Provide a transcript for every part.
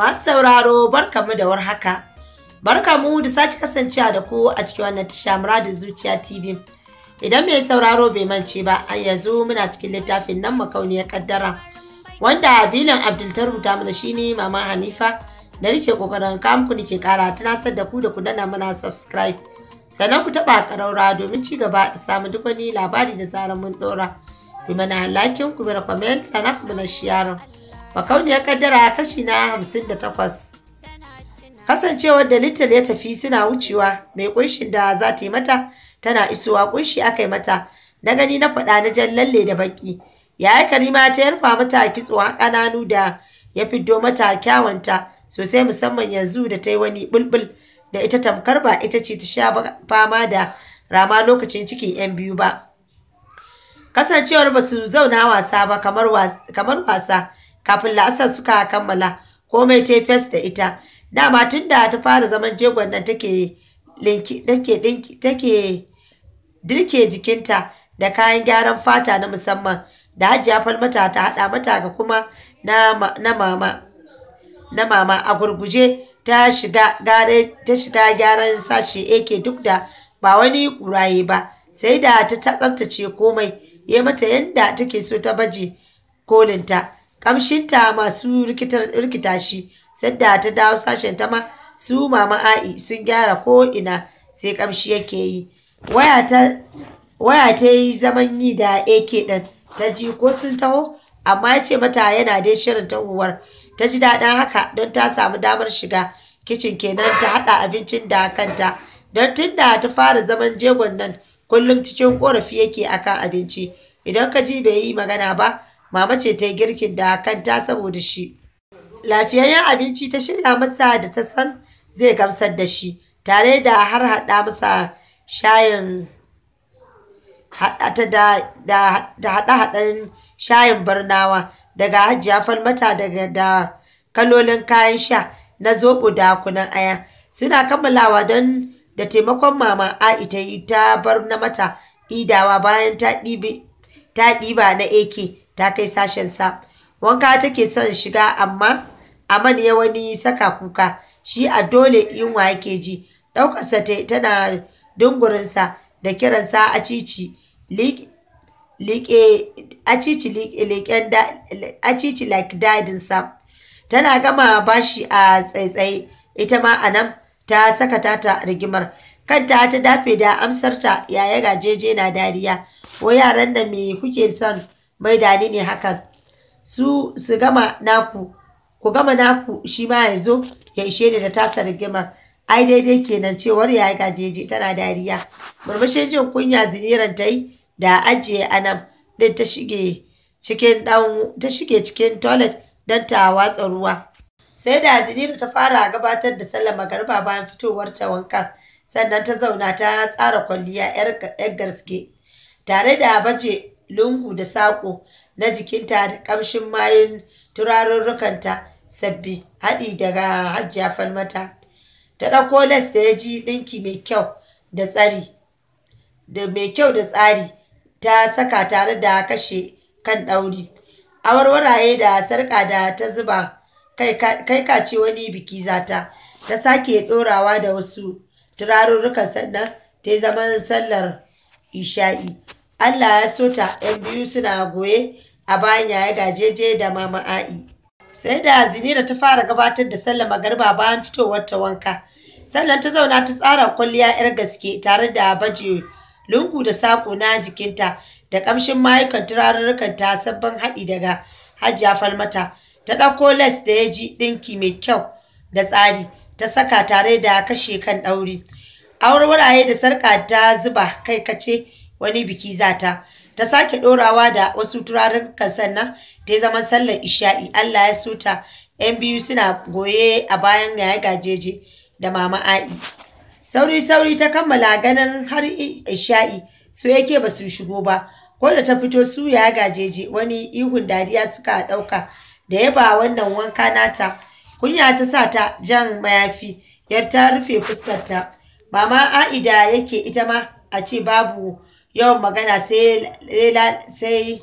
Masu sauraro barkamu da warhaka. Barkamu da sake kasancewa da ku a cikin wannan tasha muradin zuciya TV. Idan mai sauraro bai mance ba, an yanzu muna cikin littafin nan makauniyar kaddara. Wanda Bilan Abdul ta rubuta mana shine Mama Hanifa da nake kokarin kamku nake kara tunasar da ku da ku dana mana subscribe. Sannan ku taba karaura domin ci gaba da samu duk wani labari da zarar mun dora. Ku mana like, ku mana comment, sannan ku na share makauniyar kaddara kashi na hamsin da takwas. kasancewar da little ya tafi suna wucewa mai kunshin da za ta yi mata tana isowa kunshi aka yi mata na gani na faɗa na jan lalle da baki yi karima ta yarfa mata kitsuwa ƙananu da ya fiddo mata kyawanta sosai musamman yanzu da ta yi wani bulbul da ita tamkar ba ita ce ta sha fama da rama lokacin cikin 'yan biyu ba kasancewar ba su zauna wasa ba kamar wasa kafin la'asar suka kammala komai ta fes da ita dama tun da ta fara zaman jegon nan take take dirke jikinta da kayan gyaran fata na musamman da hajiya falmata ta hada mata ga kuma na, mama a gurguje ta shiga gare ta gyaran sashi ake duk da ba wani kuraye ba sai da ta tsaftace komai ya mata yadda take so ta baje kolinta kamshinta masu rikita shi sadda ta dawo sashen ta ma su mama a'i sun gyara ko ina sai kamshi yake yi waya ta yi zaman yi da ak ɗin ta ji ko sun taho amma ya ce mata yana dai shirin tahowar ta ji daɗin haka don ta samu damar shiga kicin kenan ta haɗa abincin da kanta don tun da ta fara zaman jegon nan kullum cikin ƙorafi yake akan abinci idan ka ji bai yi magana ba Mama ce ta yi girkin da kanta saboda shi. Lafiyayyen abinci ta shirya masa da ta san zai gamsar da shi, tare da har haɗa masa shayin da haɗe-haɗen shayin barnawa daga hajiya falmata daga da kalolin kayan sha na zobo da kunan aya suna kammalawa don da taimakon mama A ita yi ta bar na mata idawa bayan ta ɗibi ta ɗiba na AK ta kai sashen sa Wanka take son shiga amma Aman ya wani saka kuka shi a dole yunwa yake ji. Ɗaukarsa tana dungurinsa da kiransa a cici like acici like sa tana gama bashi a tsaitsaye ita ma a nan ta saka tata rigimar kanta ta dafe da amsarta yaya gajeje na dariya Wa yaran da me kuke son mai dani ne hakan su su gama naku ku gama naku shi ma ya zo ya ishe ni da tasa rigimar ai daidai kenan cewar yaya gajeje tana dariya murmushin jin kunya ziniran ta yi da ajiye anan din ta shige cikin ta shige cikin toilet don ta watsa ruwa sai da ziniru ta fara gabatar da sallar magariba bayan fitowar ta wanka sannan ta zauna ta tsara kwalliya yar gaske tare da baje lungu da saƙo na jikinta da ƙamshin mayun turarurrukanta sabbi haɗi daga hajjiya falmata ta ɗauko les da ya ji ɗinki mai kyau da tsari da mai kyau da tsari ta saka tare da kashe kan ɗauri awarwaraye da sarƙa da ta zuba kai ka ce wani biki zata ta sake ɗorawa da wasu turarurrukan sannan ta zaman sallar isha'i allah ya so ta yan biyu suna goye a bayan yaya gajeje da mama sai da zinira ta fara gabatar da sallar magarba bayan fitowar ta wanka sannan ta zauna ta tsara kwalliya yar gaske tare da baje lungu da sako na jikinta da kamshin mayukan turarurrukan ta sabbin haɗi daga hajjia falmata ta ɗauko les da ya ji ɗinki mai kyau da tsari ta saka tare da kashe kan ɗauri aurwuraye da sarƙa ta zuba kai kace wani biki zata ta sake ɗorawa da wasu turarukan sannan ta zama sallar isha'i allah ya suta yan biyu suna goye a bayan yaya gajeje da mama a'i sauri sauri ta kammala ganin har isha'i su yake ba su shigo ba ko da ta fito su ya gajeje wani ihun dariya suka ɗauka da yaba wannan wanka nata kunya ta sa ta jan mayafi yar ta rufe fuskarta mama a'ida yake ita ma a ce babu yawan magana sai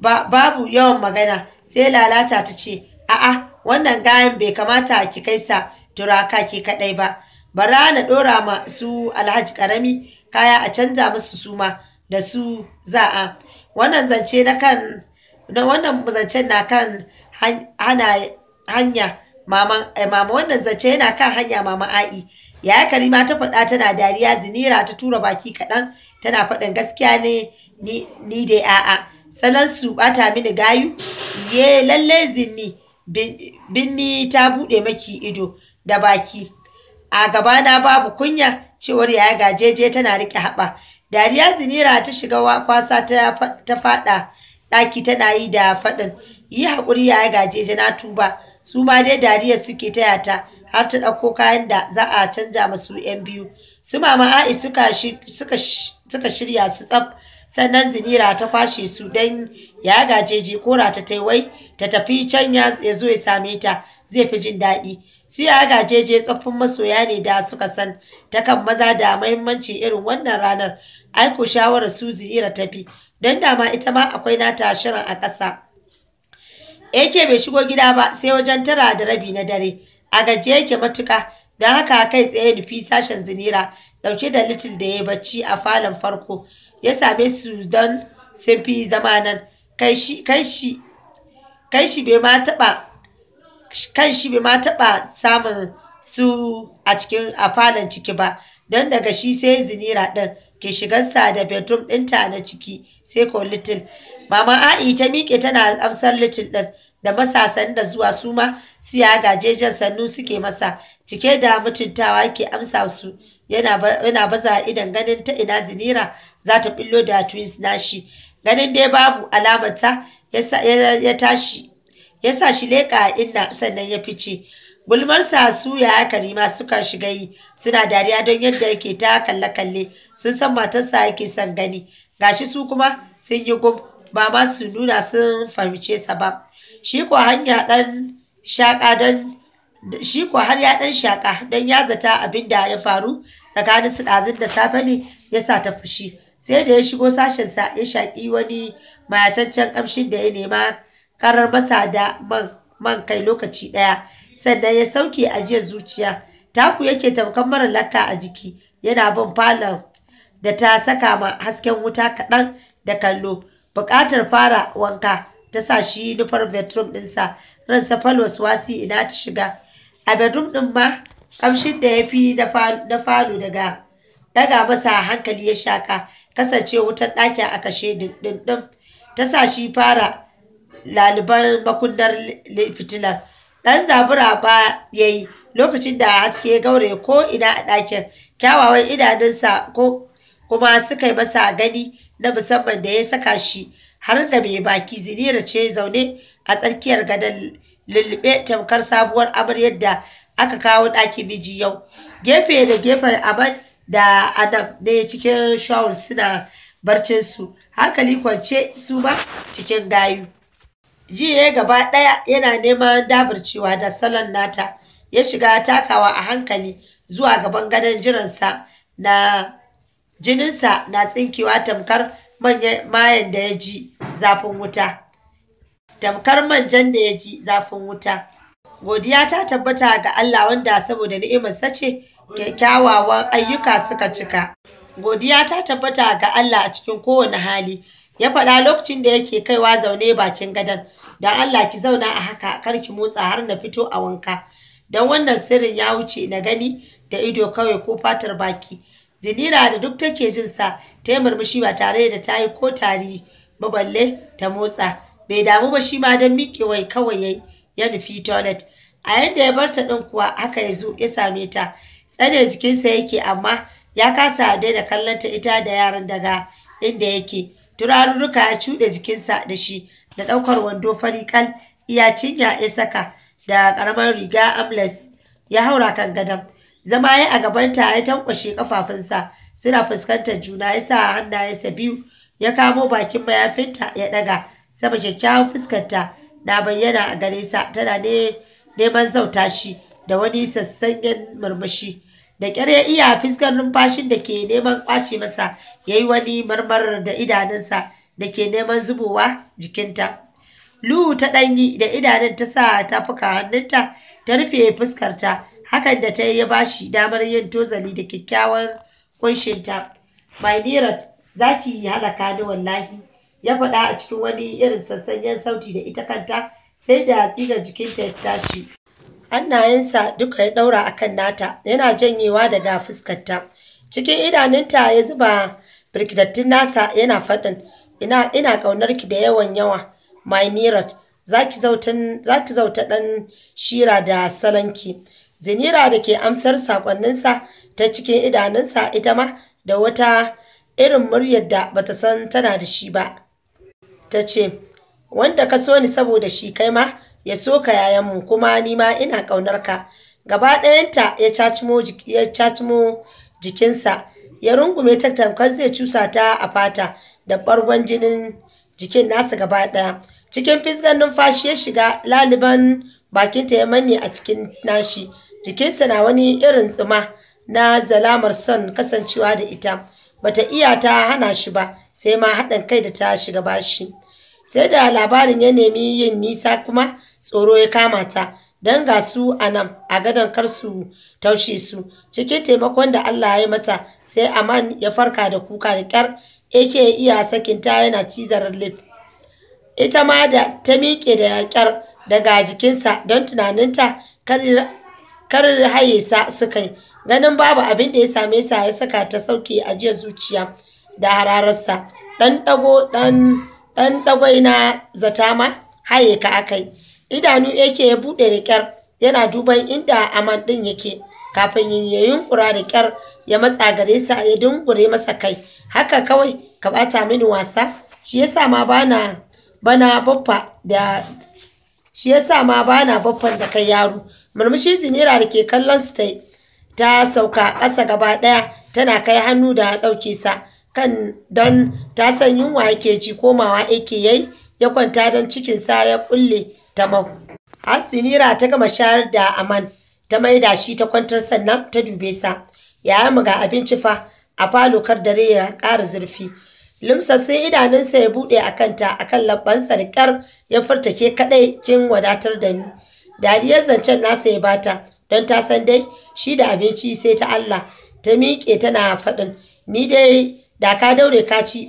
babu yawan magana sai lalata ta ce a'a wannan gayan bai kamata ki kai sa turaka ke kadai ba bara na dora masu alhaji karami kaya a canza musu suma da su za'a wannan zance na kan na wannan zancen na kan hana hanya eh, mama wannan zace yana kan hanya mama a'i yaya karima ta faɗa tana dariya zinira ta tura baki kaɗan tana faɗin gaskiya ne ni dai a'a salon su bata mini gayu ye lalle zinni binni ta buɗe maki ido da baki a gabana babu kunya cewar yaya gajeje tana riƙe haɓa dariya zinira ta shiga kwasa ta faɗa ɗaki tana yi da faɗin yi haƙuri ya gaje na tuba su ma dai dariya suke taya ta har ta ɗauko kayan da za a canja masu 'yan biyu su mama a'i suka shirya su tsaf sannan zinira ta kwashe su don ya gajeji kora ta taiwai ta tafi can ya zo ya same ta zai fi jin daɗi su ya gajeje tsoffin masoya ne da suka san ta kan maza da mahimmanci irin wannan ranar aiko shawarar su zinira fi don dama ita ma akwai nata shirin a ƙasa yake bai shigo gida ba sai wajen tara da rabi na dare a gaje yake matuka don haka kai tsaye nufi sashen zinira ɗauke da little da ya bacci a falon farko ya same su don sun fi zama nan kai shi bai ma taɓa kan shi bai ma taɓa samun su a cikin a falon ciki ba don daga shi sai zinira ɗin ke shigarsa da bedroom ɗinta na ciki sai ko little mama a'i ta miƙe tana amsar little ɗin da matasan da zuwa su ma su ya gajejen sannu suke masa cike da mutuntawa ke amsa su yana baza idan ganin ta ina zinira za ta billo da twins nashi ganin dai babu alamata ya tashi ya sa shi leƙa inna sannan ya fice gulmarsa su ya karima suka shiga yi suna dariya don yadda yake ta kalle-kalle sun san matarsa yake son gani gashi su kuma sun yi gum ba ma su nuna sun fahimce sa ba shi ko hanya dan shaka dan shi ko har ya dan shaka dan ya zata abin da ya faru tsakanin su ɗazun da safe ne ya sa ta fushi sai da ya shigo sashen sa ya shaki wani mayataccen kamshin da ya nema karar masa da man man kai lokaci ɗaya sannan ya sauke ajiyar zuciya taku yake tamkar mara lakka a jiki yana bin falon da ta saka ma hasken wuta kaɗan da kallo buƙatar fara wanka ta sa shi nufar bedroom ɗinsa ran falwas wasi ina ta shiga a bedroom ɗin ma kamshin da ya fi na falo daga daga masa hankali ya shaka kasance wutar ɗakin a kashe ɗin ta sa shi fara laliban makunnar fitilar ɗan zabura ba ya yi lokacin da haske ya gaure ko ina a ɗakin kyawawan idanunsa ko kuma suka yi masa gani na musamman da ya saka shi har da mai baki zinira ce zaune a tsakiyar gadon lulluɓe tamkar sabuwar amaryar da aka kawo ɗaki miji yau gefe da gefen aman da adam ne cikin shawul suna barcin su hankali kwance su ba cikin gayu jiye gaba ɗaya yana neman daburcewa da salon nata ya shiga takawa a hankali zuwa gaban gadon jiransa na jininsa na tsinkewa tamkar mayan da ya ji zafin wuta tamkar manjan da ya ji zafin wuta godiya ta tabbata ga Allah wanda saboda ni'imarsa ce kyawawan ayyuka suka cika godiya ta tabbata ga Allah a cikin kowane hali ya faɗa lokacin da yake kaiwa zaune bakin gadon don Allah ki zauna a haka kar ki motsa har na fito a wanka don wannan sirrin ya wuce na gani da ido kawai ko fatar baki zinira da duk take jin sa ta yi murmushi ba tare da ta yi ko tari ba balle ta motsa bai damu ba shi ma don miƙewai kawai ya nufi toilet a yadda ya barta ɗin kuwa haka ya zo ya same ta tsane jikinsa yake amma ya kasa daina kallon ta ita da yaran daga inda yake turarurruka ya cuɗe jikinsa da shi da ɗaukar wando fari iya cinya ya saka da ƙaramar riga amles ya haura kan gadon zama ya a gabanta ya tankwashe kafafunsa suna fuskantar juna ya sa hannayensa biyu ya kamo bakin mayafinta ya daga sama kyakkyawan fuskarta na bayyana a gare sa tana ne neman zauta shi da wani sassanyen murmushi da kyar ya iya fuskar numfashin da ke neman ƙwace masa ya yi wani marmarar da idanunsa da ke neman zubowa jikinta. Lu ta ɗanyi da idanun ta sa ta fuka hannunta ta rufe fuskarta hakan da ta yi ba shi damar yin tozali da kyakkyawan kunshinta. My Nirat, za ki halaka ni wallahi, ya faɗa a cikin wani irin sassanyen sauti da ita kanta sai da tsigar jikinta ya tashi. Hannayensa duka ya ɗaura a kan nata, yana janyewa daga fuskarta. Cikin idanunta ya zuba birkitattun nasa yana faɗin, ina ƙaunar ki da yawan yawa. mainirat za ki zauta ɗan shira da salanki Zinira da ke amsar saƙonninsa ta cikin idanunsa ita ma da wata irin muryar da bata san tana da shi ba. Ta ce, Wanda ka so ni saboda shi kai ma ya so ka yayanmu kuma ni ma ina ƙaunar ka. Gaba ɗayanta ya cacimo jikinsa, ya rungume ta tamkar zai cusa ta a fata da ɓargon jinin jikin nasa gaba ɗaya cikin fisgar numfashi ya shiga laliban bakinta ya manne a cikin nashi jikinsa na wani irin tsuma na zalamar son kasancewa da ita bata iya ta hana shi ba sai ma haɗin kai da ta shiga bashi sai da labarin ya nemi yin nisa kuma tsoro ya kama ta don ga su a nan a gadon karsu taushe su cikin taimakon da Allah ya yi mata sai aman ya farka da kuka da kyar yake iya sakinta yana cizar lip ita ma da ta miƙe da yaƙyar daga jikinsa don tunaninta karir haye sa su kai ganin babu abin da ya same sa ya saka ta sauke a jiya zuciya da hararsa ɗan ɗago ɗan na zata ma haye ka akai idanu yake ya buɗe da kyar yana duban inda aman ɗin yake kafin ya yunkura da kyar ya matsa gare sa ya dungure masa kai haka kawai ka ɓata mini wasa shi yasa ma bana bana baffa da shi yasa ma bana baffan da kai yaro murmushi zinira da ke kallon su ta ta sauka ƙasa gaba ɗaya tana kai hannu da ɗauke sa kan don ta san yunwa yake ji komawa yake yayi ya kwanta don cikinsa ya kulle tamau har ta gama shayar da aman ta maida shi ta kwantar sannan ta dube sa yaya mu ga abinci fa a falo kar dare ya ƙara zurfi lumsassun idanunsa ya buɗe a kanta a kan labbansa da ƙyar ya furtake kaɗai kin wadatar da ni dariyar zancen nasa ya bata don ta san dai shi da abinci sai ta Allah ta miƙe tana faɗin ni dai da ka daure ka ci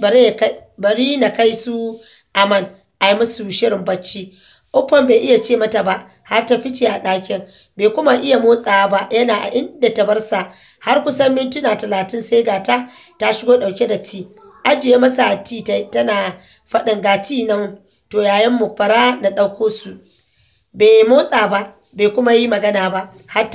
bari na kai su aman a yi musu shirin bacci Uffan bai iya ce mata ba har ta fice a ɗakin, bai kuma iya motsawa ba yana a inda ta bar sa har kusan mintuna talatin sai gata ta shigo ɗauke da ti. Ajiye masa ti tana faɗin gati nan to yayan mu fara na ɗauko su. Bai motsa ba, bai kuma yi magana ba, har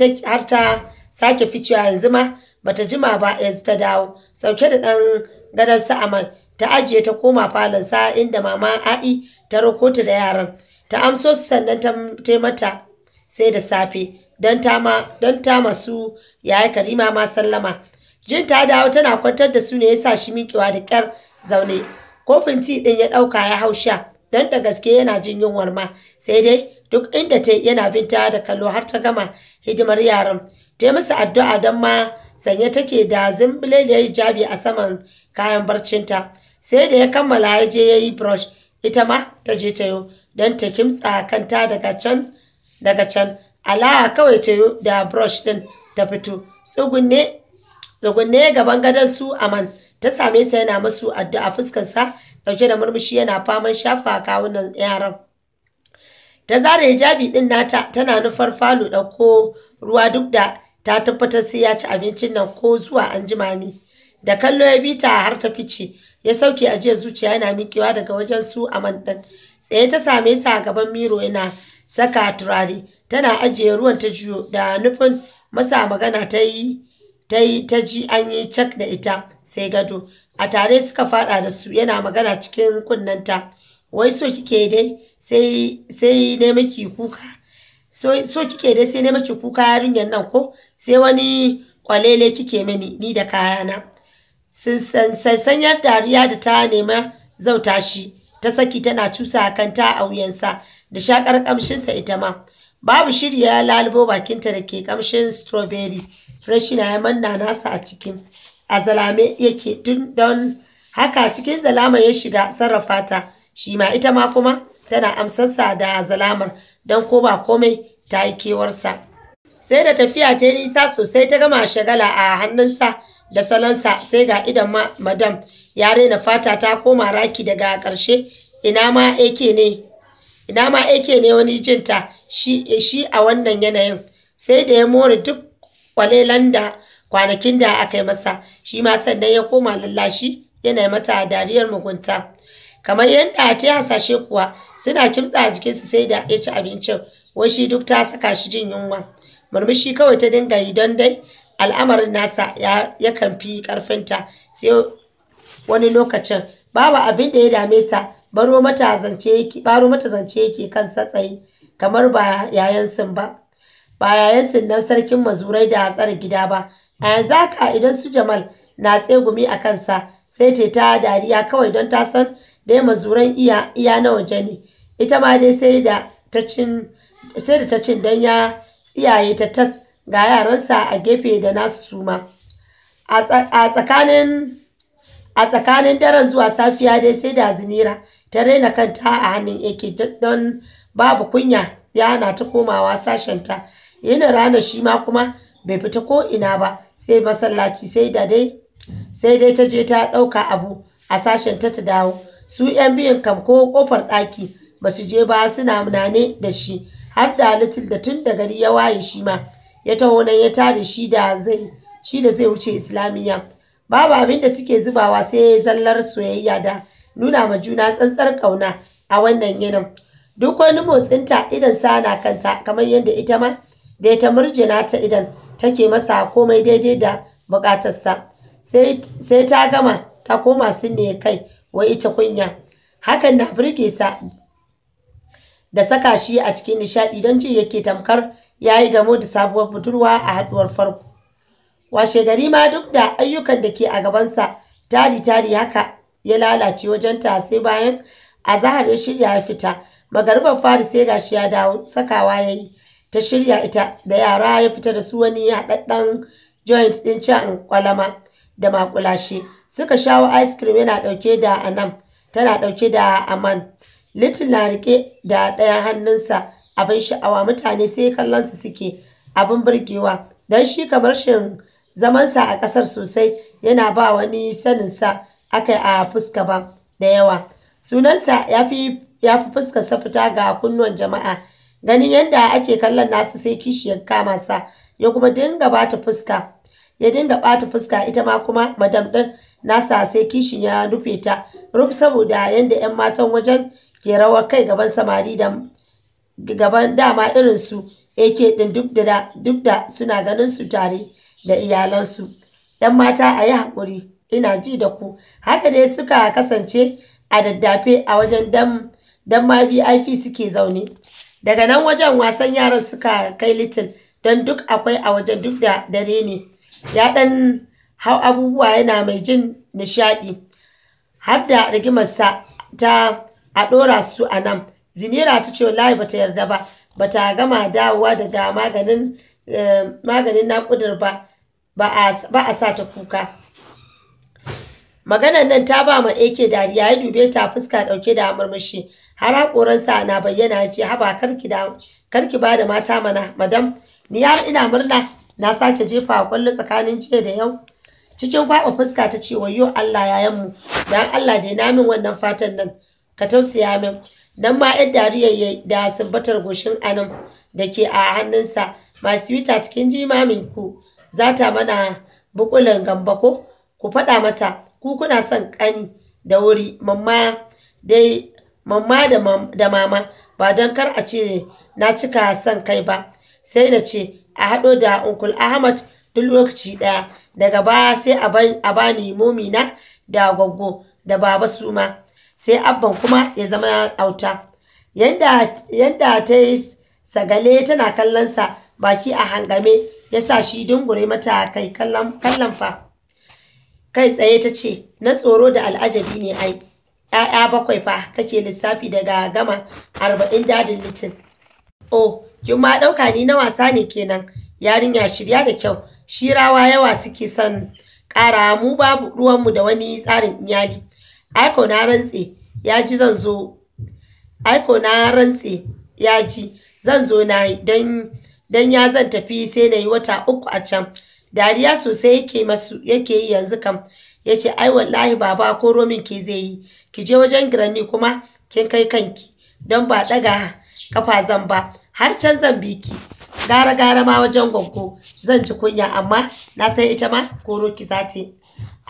ta sake ficewa yanzu ma bata jima ba yanzu ta dawo sauke da ɗan gadon sa'aman ta ajiye ta koma falon sa inda mama a'i ta roko ta da yaran ta amso su sannan ta mata sai da safe don ta masu yaya karima ma sallama jin ta dawo tana kwantar da su ne ya sa shi miƙewa da ƙyar zaune kofin ti din ya dauka, ya hau sha don da gaske yana jin yunwar ma sai dai duk inda ta yana bin da kallo har ta gama hidimar yaran ta yi addu'a don ma sanye take da zimbileliyar hijabi a saman kayan barcinta sai da ya kammala ya je ya yi brush ita ma ta je ta yi don ta kimtsa kanta daga can daga can alaha kawai ta yi da brush din, ta fito tsugunne tsugunne gaban gadon su aman ta same sa yana masu addu'a fuskar sa Dauke da murmushi yana faman shafa kawunan yaran ta zare hijabi din nata tana nufar falo ɗauko ruwa duk da ta tabbatar sai ya ci abincin nan ko zuwa anjima jima ne da kallo ya bi ta har ta fice ya sauke ajiyar zuciya yana miƙewa daga wajen su aman ɗin Tsaye ta same sa a gaban miro yana saka turare, tana ajiye ruwan ta juyo. Da nufin masa magana ta yi ta ji an yi cak da ita sai gado. A tare suka fada da su yana magana cikin kunnenta. Wai so kike dai sai ne miki kuka. So kike dai sai ne miki kuka yarinyar nan ko sai wani kwalele kike mini ni da kayana. san yar dariya da ta nema zauta shi. ta saki tana cusa kanta a wuyansa da shakar kamshinsa ita ma. Babu shiri ya lalubo bakinta da ke kamshin strawberry. na ya manna nasa a cikin a yake tun don haka cikin zalama ya shiga sarrafa ta shi ma ita ma kuma tana amsarsa da zalamar don ko ba komai ta yi kewarsa. Sai da tafiya ta yi nisa sosai ta gama shagala a hannunsa da salansa sai ga idan madam ya raina fata ta koma raki daga ƙarshe ina ma ake ne ina ma ake ne wani jinta eh, shi a wannan yanayin sai da ya more duk kwalelan da kwanakin da aka yi masa shi ma sannan ya koma lallashi yana mata dariyar mugunta kamar yadda ta hasashe kuwa suna kimtsa a jikinsu sai da ya ci abincin wai shi duk ta saka shi jin yunwa murmushi kawai ta dinga yi don dai al'amarin nasa yakan fi ƙarfinta sai wani lokacin babu abin da ya dame sa baro mata zance yake kansa tsaye kamar ba sin ba ba sin nan sarkin mazurai da tsare gida ba a yanzu haka idan su jamal na tsegumi a kansa sai ce ta dariya kawai don ta san dai mazuran iya iya na waje ne ita ma dai sai da ta cin sai da ta cin dan ya tsiyaye ta tas ga yaransa a gefe da nasu suma a tsakanin daren zuwa safiya dai sai da zinira ta raina kanta a hannun yake don babu kunya ya yana ta komawa sashenta yana rana shi ma kuma bai fita ko ina ba sai masallaci sai da dai sai dai ta je ta ɗauka abu a sashen ta ta dawo su yan biyun kam ko kofar ɗaki ba su je ba suna munane da shi har da little da tun da gari ya waye shi ma ya taho nan ya tare shi da zai shi da zai wuce islamiyya babu abin da suke zubawa sai zallar soyayya da nuna ma juna tsantsar ƙauna a wannan yanin duk wani motsinta idan na kanta kamar yadda ita ma da ta murjina ta idan take masa komai daidai da bukatarsa sai ta gama ta koma sun ne kai wai ita kunya hakan na burge da saka shi a cikin nishaɗi don jin yake tamkar ya yi gamo da sabuwar budurwa a haɗuwar farko. Washe gari ma duk da ayyukan da ke a gabansa tari-tari haka ya lalace wajen ta sai bayan a zahar ya shirya ya fita magariban fari sai gashi ya dawo sakawa ya yi ta shirya ita da yara ya fita da su wani haɗaɗɗen joint ɗin cin kwalama da makulashe suka shawo ice cream yana ɗauke da anam tana ɗauke da aman Little na riƙe da ɗaya hannunsa abin sha'awa mutane sai kallon su suke abin burgewa don shi kamar shin zamansa a ƙasar sosai yana ba wani saninsa aka a fuska ba da yawa. Sunansa ya fi fuskarsa fita ga kunnuwan jama'a ganin yadda ake kallon nasu sai kishi ya kama sa ya kuma dinga bata fuska ya dinga bata fuska ita ma kuma madam din nasa sai kishin ya rufe ta ruf saboda yadda 'yan matan wajen ke rawar kai gaban samari da gaban dama irin su AK din duk da duk da suna ganin su tare da iyalansu. ‘Yan mata a yi hakuri ina ji da ku. Haka dai suka kasance a daddafe a wajen dam dan ma VIP suke zaune. Daga nan wajen wasan yaran suka kai little don duk akwai a wajen duk da dare ne. Ya ɗan hau abubuwa yana mai jin nishaɗi. Har da rigimarsa ta a ɗora su a nan zinira ta ce wallahi bata yarda ba bata gama dawowa daga maganin eh, maganin naƙudar ba ba a sa ta kuka maganar nan ta ba ma ake dariya ya dube ta fuska ɗauke da murmushi har haƙoransa na bayyana ya ce haba karki ba da mata mana madam ni har ina murna na sake jefa a kwallo tsakanin jiya da yau cikin kwaɓa fuska ta ce wayo allah mu don allah dai na min wannan fatan nan ka tausaya min nan ma yar dariyar da sumbatar goshin anan da ke a hannunsa masu wita cikin jimamin ku za ta mana bukulan gamba ko ku faɗa mata ku kuna son ƙani da wuri mamma da mama ba don kar a ce na cika son kai ba sai na ce a haɗo da unkul ahmad duk lokaci ɗaya daga baya sai a bani momina da gwaggo da baba suma sai abban kuma ya zama ya auta yadda ta yi sagale tana kallonsa baki a hangame ya sa shi dungure mata kai kallon fa kai tsaye ta ce na tsoro da al'ajabi ne ai ‘ya'ya bakwai fa kake lissafi daga gama arba'in dadin litin Oh! kin ma ɗauka ni na wasa ne kenan yarinya shirya da kyau shirawa yawa suke son ƙara mu babu ruwanmu da wani tsarin iyali aiko na rantse ya ji zan zo aiko na rantse ya ji zan zo na dan ya zan tafi sai na yi wata uku a can dariya sosai yake masu yake yi yanzu kam ya ce ai wallahi baba ko romin ke zai yi ki je wajen giranni, kuma kin kai kanki don ba daga kafa zan ba har can zan bi ki gara gara ma wajen gwaggo zan ci kunya amma na san ita ma koro ki za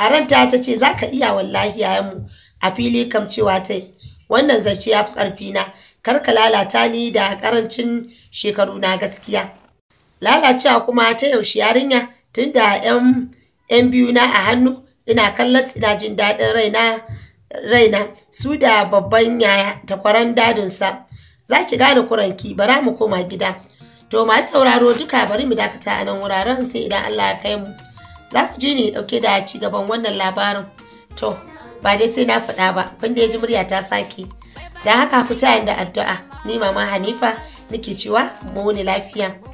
a ranta ta ce za ka iya wallahi mu a fili kam cewa ta wannan zance ya fi ƙarfi na kar ka lalata ni da ƙarancin shekaru na gaskiya lalacewa kuma ta yaushe yarinya tun da 'yan biyu na a hannu ina kallon ina jin daɗin raina raina su da babban yaya kwaran dadinsa za ki gane kuranki bara mu koma gida to masu sauraro duka bari mu dakata a nan wuraren sai idan allah ya kai mu za ku je ne dauke da ci gaban wannan labarin to ba dai sai na faɗa ba wanda ya ji murya ta sake da haka ku ta da addu'a ni mama hanifa nake cewa mu wani lafiya